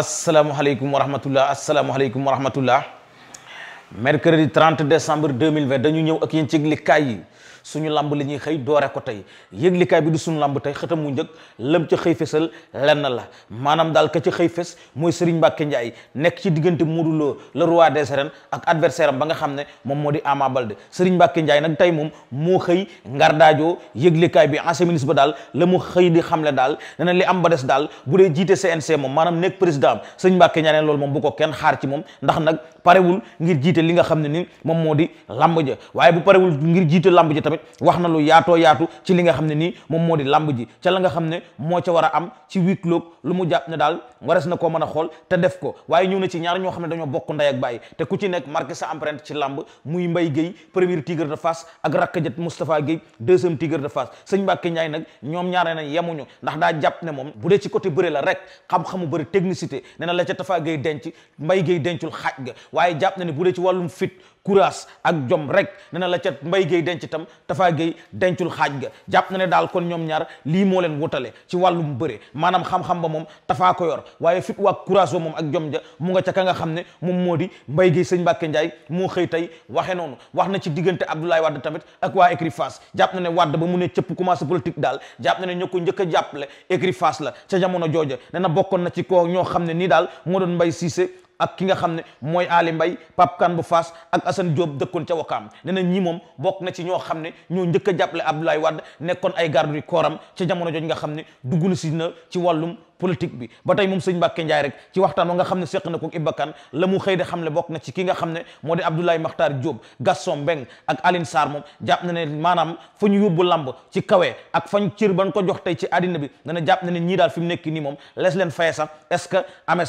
asalaamaaleykum wa rahmatullah asalaamaaleykum wa rahmatullah mercredi 30 décembre 2020 dañu ñëw ak yéen ci yëglikaay yi suñu lamb li ñuy xëy doore ko tey yëglikaay bi di suñu lamb tey xëtam mu njëkk lam ca xëy fesal lenn la maanaam daal ka ca xëy fes mooy Serigne Mbacke Ndiaye nekk ci diggante Modou Lo le roi des arènes ak adversaire am ba nga xam ne moom moo di Ama Baldé Serigne Mbacke Ndiaye nag tey moom moo xëy ngardaajoo yëglikaay bi ancien ministre ba daal la mu xëy di xamle daal dana li am ba des daal bu dee jiite CNC moom maanaam nekk président am Serigne Mbacke Ndiaye ne loolu moom bu ko kenn xaar ci moom ndax nag parewul ngir jiite li nga xam ne ni moom moo di lamb ja waaye tamit wax na lu yaatoo yaatu ci li nga xam ne nii moom moo di làmb ji ca la nga xam ne moo ca war a am ci huis clos lu mu jàpp ne daal wares na koo mën a xool te def ko waaye ñëw na ci ñaar ñoo xam ne dañoo bokk nday ak bàyyi te ku ci nekk marqué sa empreinte ci làmb muy Mbaye Guèye premier tigre de Fass ak rakkajat Moustapha Guèye deuxième tigre de Fass sëñ Mbacke Ndiaye nag ñoom ñaare nañ yemuñu ndax daa jàpp ne moom bu dee ci côté bëre la rek xam-xamu bëri technicité nee na la ca Tafa Guèye denc Mbaye Guèye dencul xaaj ga waaye jàpp na ne bu dee ci courage ak jom rek ne na la ca mbay géey denc itam Tafa Gueye dencul xaaj ga jàpp na ne daal kon ñoom ñaar lii moo leen wutale ci wàllum bëre maanaam xam-xam ba moom Tafa ko yor waaye fit waa courage ba moom ak jom ja mu nga ca nga xam ne moom moo di mbay géey sëñ Mbàkke Njaay moo xëy tey waxe noonu wax na ci diggante Abdoulaye Wade tamit ak waa écurie Fass jàpp na ne Wade ba mu ne cëpp commencé politique daal jàpp na ne ñoo ko njëkk a jàppale écurie Fass la ca jamono jooja ne na bokkoon na ci koo ñoo xam ne nii daal moo doon mbay Cissé ak ki nga xam ne mooy Ali pap kan bu fas ak Assane Diop dëkkoon ca kaam nee na moom bokk na ci ñoo xam ne ñoo njëkk a jàppale Abdoulaye Wade nekkoon ay garde du corps am ca jamono jooju nga xam ne dugg na si na ci wàllum politique bi ba tey moom sëñ Mbàkke Njaay rek ci waxtaan wa nga xam ne seq na ko Ibakan la mu xëy de xam ne bokk na ci ki nga xam ne moo di Abdoulaye Makhtar Diop Gaston Mbeng ak Aline saar moom jàpp na ne maanaam fa ñu yóbbu lamb ci kawe ak fañ cër ban ko jox tey ci àddina bi dana jàpp na ne ñii daal fi mu nekk nii moom les leen faye sax est-ce que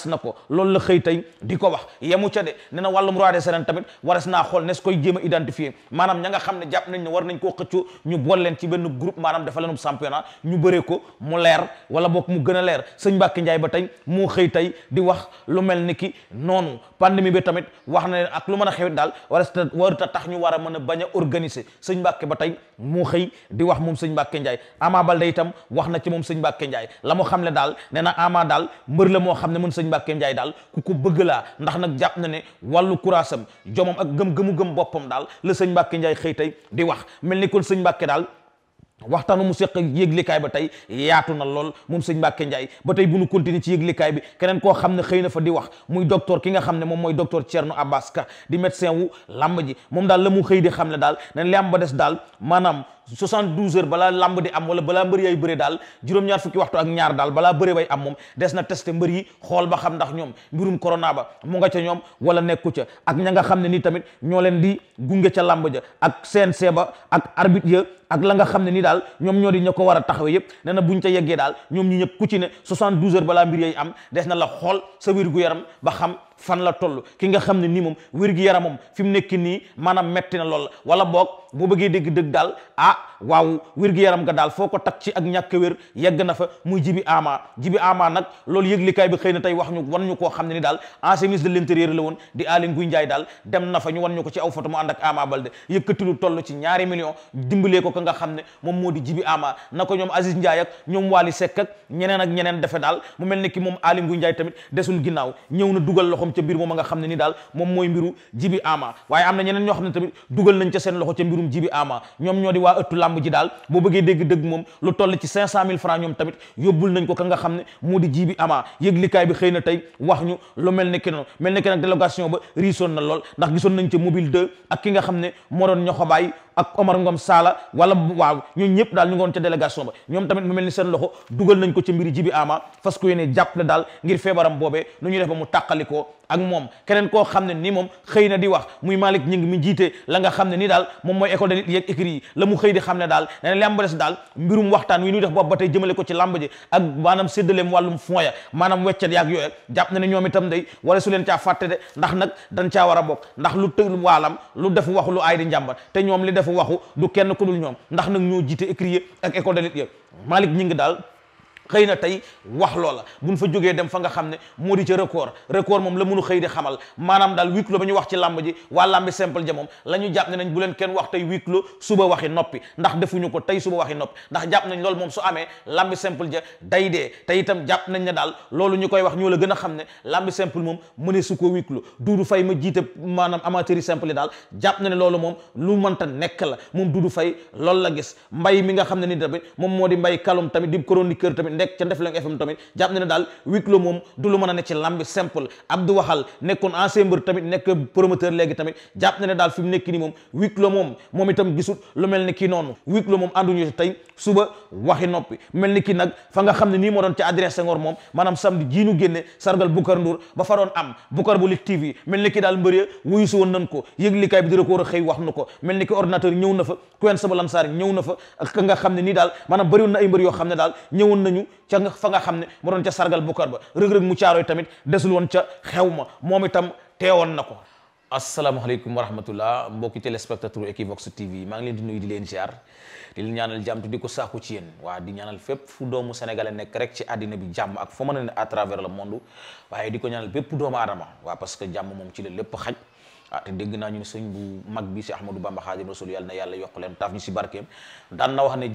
na ko loolu la xëy tey di ko wax yemu ca de ne na wàllum roi des arènes tamit wares naa xool nes koy jéem a identifier maanaam ña nga xam ne jàpp nañ ne war nañ koo xëccoo ñu bool leen ci benn groupe maanaam dafa leenub championnat ñu bëree ko mu leer wala bokk mu gën a leer sëñ Mbacke Ndiaye ba tey moo xëy tey di wax lu mel ni ki noonu pandémie bi tamit wax na leen ak lu mën a xewit daal war warta tax ñu war a mën a bañ a organiser sëñ Mbacke ba tey moo xëy di wax moom sëñ Mbacke Ndiaye Ama Baldé itam wax na ci moom sëñ Mbacke Ndiaye la mu xam ne daal nee na Ama daal mbër la moo xam ne mën sëñ Mbacke Ndiaye daal ku ko bëgg laa ndax nag jàpp na ne wàllu kuraasam jomam ak gëm-gëmu gëm boppam daal la sëñ Mbacke Ndiaye xëy tey di wax mel ni kon sëñ Mbacke daal waxtaanu mu seq yëglikaay ba tey yaatu na lool moom sëñ Mbacke Ndiaye ba tey bu nu continuer ci yëglikaay bi keneen ko xam ne xëy na fa di wax muy docteur ki nga xam ne moom mooy doctor docteur Thierno Abbas Ka di médecin wu làmb ji moom daal la mu xëy di xam ne daal nañ am ba des daal maanaam 72 heures balaa lamb di am wala balaa mbër yay bëre daal juróom-ñaar fukki waxtu ak ñaar daal balaa bëre bay am moom des na testé mbër yi xool ba xam ndax ñoom mbirum corona ba mu nga ca ñoom wala nekku ca ak ña nga xam ne nii tamit ñoo leen di gunge ca lamb ja ak CNC ba ak arbitre ya ak la nga xam ne nii daal ñoom ñoo di ña ko war a taxawee yëpp nee na buñ ca yeggee daal ñoom ñu ñëpp ku ci ne 72 heures balaa mbir yay am des la xool sa wér gu fan la toll ki nga xam ne nii moom wér yaram yaramam fi mu nekk nii maanaam metti na lool wala boog boo bëggee dégg dëgg daal ah waaw wér gi yaram nga daal foo ko tak ci ak ñàkk wér yegg na fa muy jibi ama jibi ama nag loolu kaay bi xëy na tey wax ñu wan ñu koo xam ne ni daal ancien ministre de l'intérieur la woon di Aly Ngouille Ndiaye na fa ñu ñu ko ci aw photo mu ànd ak Ama Baldé yëkkati lu toll ci ñaari million dimbalee ko ka nga xam ne moom moo di jibi ama na ko ñoom Aziz Ndiaye ak ñoom Wally Seck ak ñeneen ak ñeneen defe daal mu ni ki moom Aly Ngouille Ndiaye tamit desul ginnaaw loxoom ca mbir moom nga xam ne ni daal moom mooy mbiru jibi ama waaye am na ñeneen ñoo xam ne tamit dugal nañ ca seen loxo ca mbirum jibi ama ñoom ne moo di na tey wax ñu lu mel ni ki noonu mel ni ki nag délégation ba riisoon na lool ndax gisoon ñëpp daal ñu ngoon ca délégation ba ñoom tamit mu mel ni seen loxo dugal nañ ko ca mbiri jibi ama fas ku yéene jàppale daal ngir feebaram boobee nu ñuy def mu tàqalikoo ak moom keneen koo xam ne ni moom xëy na di wax muy Malick Ñing mi jiite la nga xam ne ni daal moom mooy école de nit yeeg écrit yi la mu xëy di xam ne daal nee na lamb des daal mbirum waxtaan wi ñuy def boobu ba tey jëmale ko ci lamb ji ak maanaam séddaleem wàllum fooya maanaam weccat yaag yooyu jàpp na ne ñoom itam day wala su leen caa fàtte de ndax nag dañ caa war a bokk ndax lu tël waalam lu def waxu lu aay di njàmbat te ñoom li defu waxu du kenn ku dul ñoom ndax nag ñoo jiite écrit ak école de nit yeeg Malick daal xëy na tey wax loola buñ fa jógee dem fa nga xam ne moo di ca record record moom la mënu xëy di xamal maanaam daal huis clos ba ñu wax ci làmb ji waa làmbi simple ja moom la ñu jàpp bu leen kenn wax tey huis clos suba waxi noppi ndax defuñu ko tey suba waxi noppi ndax jàpp nañ loolu moom su amee làmbi simple ja day dee te itam jàpp nañ ne daal loolu ñu koy wax ñoo la gën a xam ne làmbi simple moom mënee su ko huis clos duudu fay ma jiite maanaam amateur yi daal jàpp na ne loolu moom lu mënta nekk la moom duudu fay loolu la gis mbay mi nga xam ne ni tamit moom moo di mbay kalum tamit di chroniqueur tamit nekk ca Ndefleng FM tamit jàpp ne daal huis clos moom du lu mën a ne ci lambi simple Abdou Waxal nekkoon ancien mbër tamit nekk promoteur léegi tamit jàpp ne daal fi mu nekk nii moom huis clos moom moom itam gisul lu mel ni kii noonu huis clos moom ànduñu ci tey suba waxi noppi mel ni kii nag fa nga xam ne nii moo doon ci Adrien Senghor moom maanaam samedi jii ñu génne sargal Boucar Ndour ba fa am bu Lutte TV mel ni kii daal mbër ya wuyu si woon nañ ko yëglikaay bi di record xëy wax na ko mel ni ki ordinateur ñëw na fa Kuyen Saba Lamsaar ñëw na fa ak nga xam ne nii daal maanaam bëriwoon na ay mbër yoo xam ne daal ñëwoon nañu ca nga fa nga xam ne mu doon ca sargal bukar ba rëg-rëg mu caarooy tamit desul woon ca xew ma moom itam teewoon na ko asalaamaaleykum wa rahmatullah mbokki téléspectateur Equivox TV maa ngi leen di nuyu di leen ziar di leen ñaanal jàmm te di ko saaku ci yéen waa di ñaanal fépp fu doomu sénégalais nekk rek ci addina bi jàmm ak foo mën a ne à travers le monde waaye di ko ñaanal bépp doomu aadama waa parce que jàmm moom ci la lépp xaj ah te naa ñu ne sëñ bu mag bi si Ahmadou Bamba Xaadimu Rasuul yàlla na yàlla yokk leen taaf ñu si barkeem daan na wax ne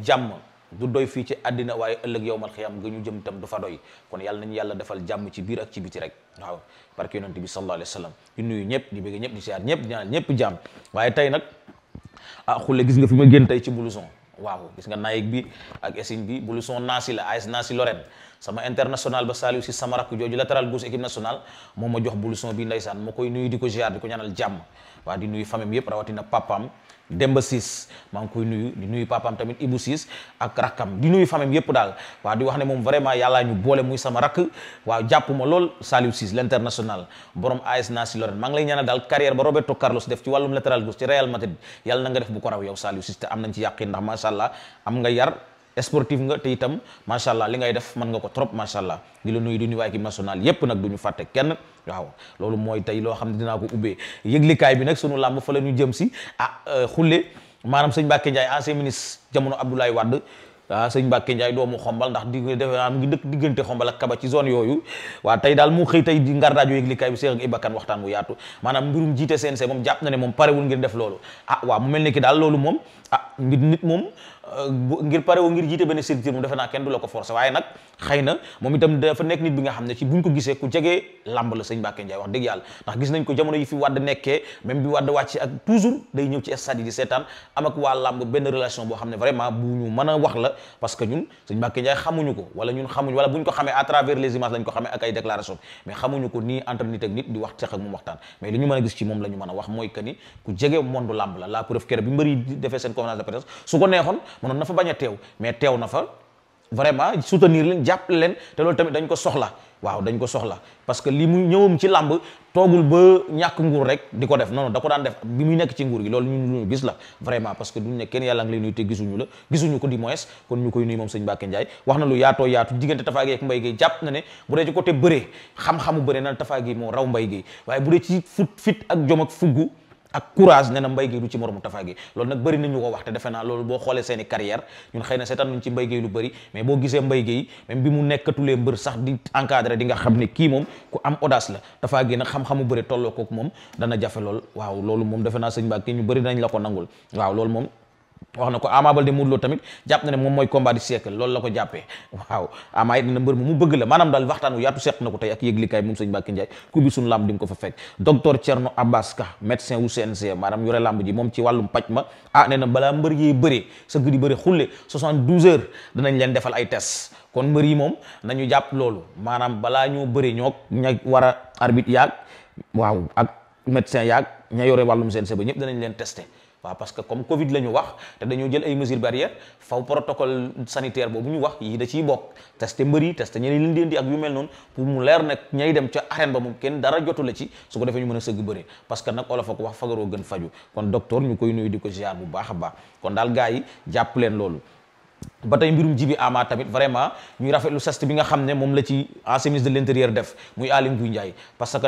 du doy fii ci àddina waaye ëllëg yow mal xiyam nga ñu jëm tam du fa doy kon yàlla nañu yàlla defal jàmm ci biir ak ci biti rek waaw barke yonent bi sallallahu alayhi sa sallam di nuyu ñëpp di bëgg ñëpp di siyaar ñëpp ñaan ñëpp jàmm waaye tey nag ah xulle gis nga fi ma génn tey ci blouson waaw gis nga naayik bi ak esine bi blouson naasi la AS Naasi Lorraine sama international ba Saliou si sama rakk jooju latéral gauche équipe nationale moom ma jox blouson bi ndeysaan ma koy nuyu di ko ziar di ko ñaanal jàmm waa di nuyu famille yëpp rawatina papaam Demba Ciss maa ngi koy nuyu di nuyu papaam tamit Ibou Ciss ak rakkam di nuyu famille yëpp daal waa di wax ne moom vraiment yàllaa ñu boole muy sama rakk waaw jàpp ma lool Saliou Ciss l'international borom AS Nancy Lorraine maa ngi lay ñaanal daal carrière ba Roberto Carlos def ci wàllum latéral gauche ci Real Madrid yàlla na nga def bu ko raw yow Saliou Ciss te am nañ sportif nga te itam macha allah li ngay def mën nga ko trop macha allah di la nuyu di yépp nag du ñu fàtte kenn waaw loolu mooy tey loo xam ne dinaa ko ubbee bi nag sunu làmb fa la ñu jëm si ah euh, xulle maanaam sëñ Mbacke Ndiaye ancien ministre jamono Abdoulaye Wade ah sëñ Mbacke Ndiaye doomu xombal ndax di defe naa mu ngi dëkk diggante xombal ak kaba ci zone yooyu waa tey daal mu xëy tey di ngardaajoo yëglikaay bi Cheikh Ibakan waxtaan bu yaatu maanaam mbirum jiite CNC moom jàpp na ne moom parewul ngeen def loolu ah waaw daal loolu moom ah mbir nit moom ngir pare woo ngir jiite benn structure moom defe naa kenn du la ko forcé waaye nag xëy moom itam dafa nekk nit bi nga xam ne ci boo xam ne vraiment bu ñu wax la parce que ñun sëñ Mbacké Ndiaye xamuñu ko wala ñun xamuñu wala buñ ku jege làmb la seen conférence de presse su ko neexoon mënoon na fa bañ a teew mais teew na fa vraiment soutenir leen jàpp leen te loolu tamit dañ ko soxla waaw dañ ko soxla parce que li muy ñëwam ci làmb toogul ba ñàkk nguur rek di ko def non non da ko daan def bi muy nekk ci nguur gi loolu ñun ñu gis la vraiment parce que duñ ne kenn yàlla ngi lay nuyu te gisuñu moom sëñ Mbacke na lu yaatoo yaatu diggante Tafa Gueye ak Mbaye Gueye jàpp na ne bu dee ci côté bëree xam-xamu bëree na Tafa Gueye moo raw mbay Gueye waaye bu dee ci fut fit ak jom ak fuggu ak courage ne na Mbaye Gueye du ci moromu Tapha Gueye loolu nag bëri nañu ko wax te defe naa loolu boo xoolee seeni carrière ñun xëy na seetaan nañ ci Mbaye Gueye lu bëri mais boo gisee Mbaye Gueye même bi nekkatulee mbër sax di encadré di nga xam ne kii moom ku am audace la Tapha Gueye nag xam-xamu bari tolloo kook moom dana jafe lool waaw loolu moom defe naa sëñ Mbacke ñu bëri nañ la ko nangul waaw loolu moom wax na ko Ama Baldé Modou Lô tamit jàpp na ne moom mooy combat du siècle loolu la ko jàppee waaw Ama it ne mbër mu mu bëgg la maanaam daal waxtaan wu yaatu seq na ko tey ak yëglikaay moom sëñ Mbacké Ndiaye ku bi suñu lamb di nga ko fa fekk docteur Thierno Abbas Ka médecin wu CNG maanaam yore lamb moom ci wàllum paj ma ah nee na balaa mbër yi bëree sa guddi bëri xulle 72 heures danañ leen defal ay test kon mbër yi moom nañu jàpp loolu maanaam balaa ñoo bëri ñoog ña war a arbitre yaag waaw ak médecin yaag ña yore wàllum CNG ba ñëpp danañ leen testé waaw parce que comme Covid la ñu wax te dañoo jël ay mesures barrières faw protocole sanitaire boobu ñu wax yi da ciy bokk testé mbër yi testé ñeneen liñ leen di ak yu mel noonu pour mu leer nag ñay dem ca arène ba moom kenn dara jotu la ci su ko defee ñu mën a sëgg bëri parce que nag olof ak wax fagaroo gën faju kon docteur ñu koy nuyu di ko ziar bu baax a baax kon daal gars yi jàpp leen loolu ba tey mbirum jibi ama tamit vraiment ñuy rafetlu sest bi nga xam ne moom la ci ancien ministre de l'intérieur def muy Aly Ngouille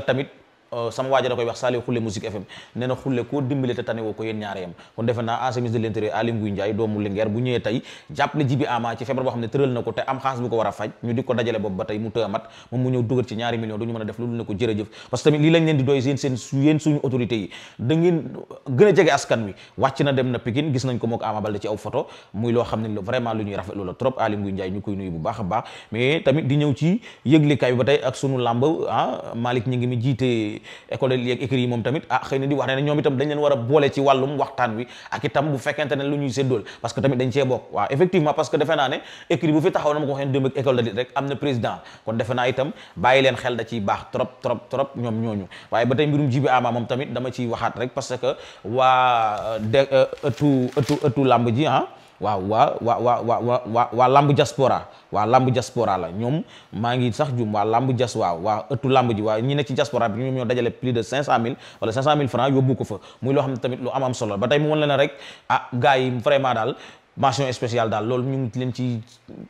Ndiaye Euh, sama waajo da koy wax Saliou Khoule Musique FM nee na Khoule koo dimbale te tane woo ko yéen ñaare yam kon defe naa ancien ministre de l'intérieur Aly Ngouille Ndiaye doomu Linguère bu ñëwee tey jàppale Jibi Ama ci feebar boo xam ne tëral na ko te am xaalis bu ko war a faj ñu di ko dajale boobu ba tey mu tëamat moom mu ñëw dugal ci ñaari millions du ñu mën a def loolu ne ko jërëjëf parce que tamit lii lañ leen di doy seen seen yéen suñu autorités yi da ngeen gën a jege askan wi wàcc na dem na Pikine gis nañ ko mook Ama Baldé ci aw photo muy loo xam ne vraiment lu ñuy rafetlu la trop Aly Ngouille Ndiaye ñu koy nuyu bu baax a baax mais tamit di ñëw ci yëglikaay bi ba tey ak sunu làmb ah Malick ñi ngi mi jiite école yi ak écrits yi moom tamit ah xëy na di wax ne ñoom itam dañ leen war a boole ci wàllum waxtaan wi ak itam bu fekkente ne lu ñuy séddool parce que tamit dañ cee bokk effectivement parce que defe naa ne écrit bu fi taxaw na ma ko waxee démb ak école rek am na président kon defe naa itam bàyyi leen xel da ciy baax trop trop trop ñoom ñooñu waaye ba tey mbirum jibi ama moom tamit dama ciy waxaat rek parce que waa de euh, ëttu ëttu làmb ah, waaw waa waa waa waa waa waa waa lamb jaspora waa lamb diaspora la ñoom maa ngi sax jum waa lamb jas waaw waa ëttu lamb ji waa ñi nekk ci diaspora bi ñoom ñoo dajale plus de cinq cent mille wala cinq cent mille francs yóbbu ko fa muy loo xam tamit lu am am solo ba tey mu won la ne rek ah gars yi vraiment daal mention spéciale daal loolu ñu ngi leen ci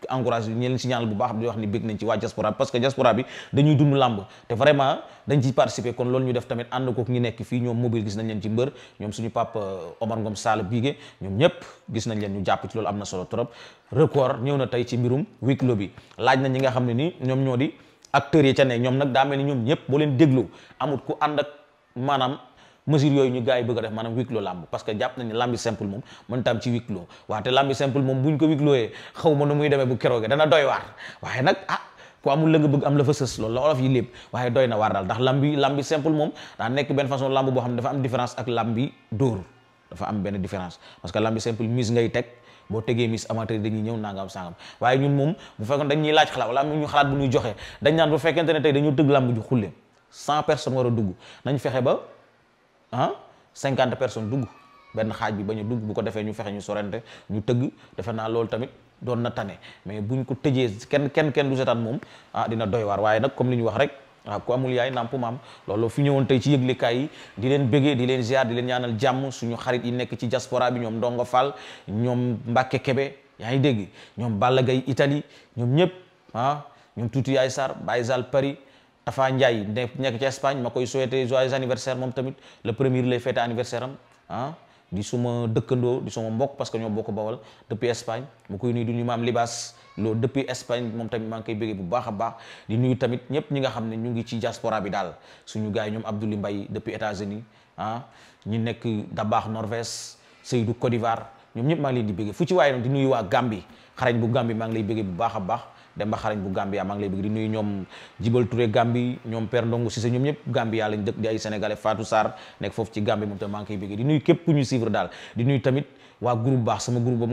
encouragé ñu leen ci ñaanal bu baax di wax ni bég nañ ci waa diaspora bi parce que diaspora bi dañuy dund làmb te vraiment dañ ciy participer kon loolu ñu def tamit ànd kook ñi nekk fii ñoom mobile gis nañ leen ci mbër ñoom suñu papa Omar Ngom Sall Bigué ñoom ñépp gis nañ leen ñu jàpp ci loolu am na solo trop record ñëw na tey ci mbirum huis bi laaj na ñi nga xam ne ni ñoom ñoo di acteur yi ca ne ñoom nag daa mel ni ñoom ñépp boo leen déglu amul ku ànd ak mesure yooyu ñu gars yi bëgg a def maanaam huis clos làmbi simple moom mën ci huis clos làmbi simple moom buñ ko huis xaw ma nu muy demee bu keroogee dana doy waar waaye nag ah ku amul la nga bëgg am la fa sës loolu la olof yi lépp waaye doy na waar daal ndax lambi lambi simple moom daa nekk benn façon lamb boo xam ne dafa am différence ak lambi dóor dafa am benn différence parce que lambi simple mise ngay teg boo tegee mise am a dugg nañ ah cinquante personnes dugg benn xaaj bi bañ a dugg bu ko defee ñu fexe ñu sorante ñu tëgg defe naa loolu tamit doon na tane mais buñ ko tëjee kenn kenn kenn du seetaan moom ah dina doy waar waaye nag comme li ñu wax rek waaw ah, ku amul yaay nàmp maam loolu fi ñëwoon tey ci kaay yi di leen bëggee di leen ziar di leen ñaanal jàmm suñu xarit yi nekk ci diaspora bi ñoom Ndongo Fall ñoom Mbacke Kebe yaa ngi dégg ñoom Balla Gaye Italie ñoom ñëpp ah ñoom tuuti yaay Sarr Baye Zal Paris dafa Ndiaye nekk ci Espagne ma koy souhaiter joyeux anniversaire moom tamit le premier lay fête anniversaire am ah, di suma dëkkandoo di suma mbokk parce que ñoo bokk bawal depuis Espagne ma koy nuyu di nuyu maam Libas loolu depuis Espagne moom tamit maa ngi koy bëggee bu baax a baax di nuyu tamit ñëpp ñi nga xam ne ñu ngi ci jaspora bi daal suñu gars yi ñoom Abdoulaye Mbaye depuis États-Unis ah ñi nekk Dabaax Norvège Seydou Côte d'Ivoire ñoom ñëpp maa ngi leen di bëggee fu ci di nuyu waa Gambie xarañ bu Gambie maa ngi lay bëggee bu baax a baax Demba Xarañ bu Gambia maa ngi lay bëgg di nuyu ñoom Jibal Touré Gambi ñoom Père Ndongo Cissé ñoom ñëpp Gambia lañ dëkk di ay sénégalais Fatou Sarr nekk foofu ci Gambie moom tamit maa ngi di nuyu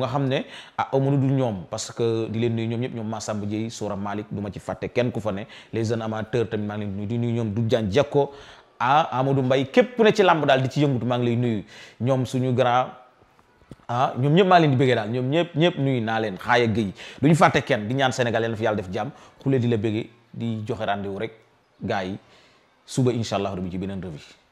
xam ne ah amunu dul ñoom parce que di ñoom ñëpp ñoom Massamba Dieye Sora du ma ci fàtte kenn ku fa ne les jeunes amateurs tamit maa ngi leen nuyu di nuyu ñoom du ah, jaan képp ne ci làmb daal di ci yëngutu maa ngi lay nuy ñoom suñu grand ah ñoom ñëpp maa leen di bëggee daal ñoom ñëpp ñëpp nuyu naa leen xaaya géy ñu fàtte kenn di ñaan Sénégal yàlla na fi yàlla def jàmm xule di la bëggee di joxe rendez rek gars yi suba incha allah rabbi ci beneen revue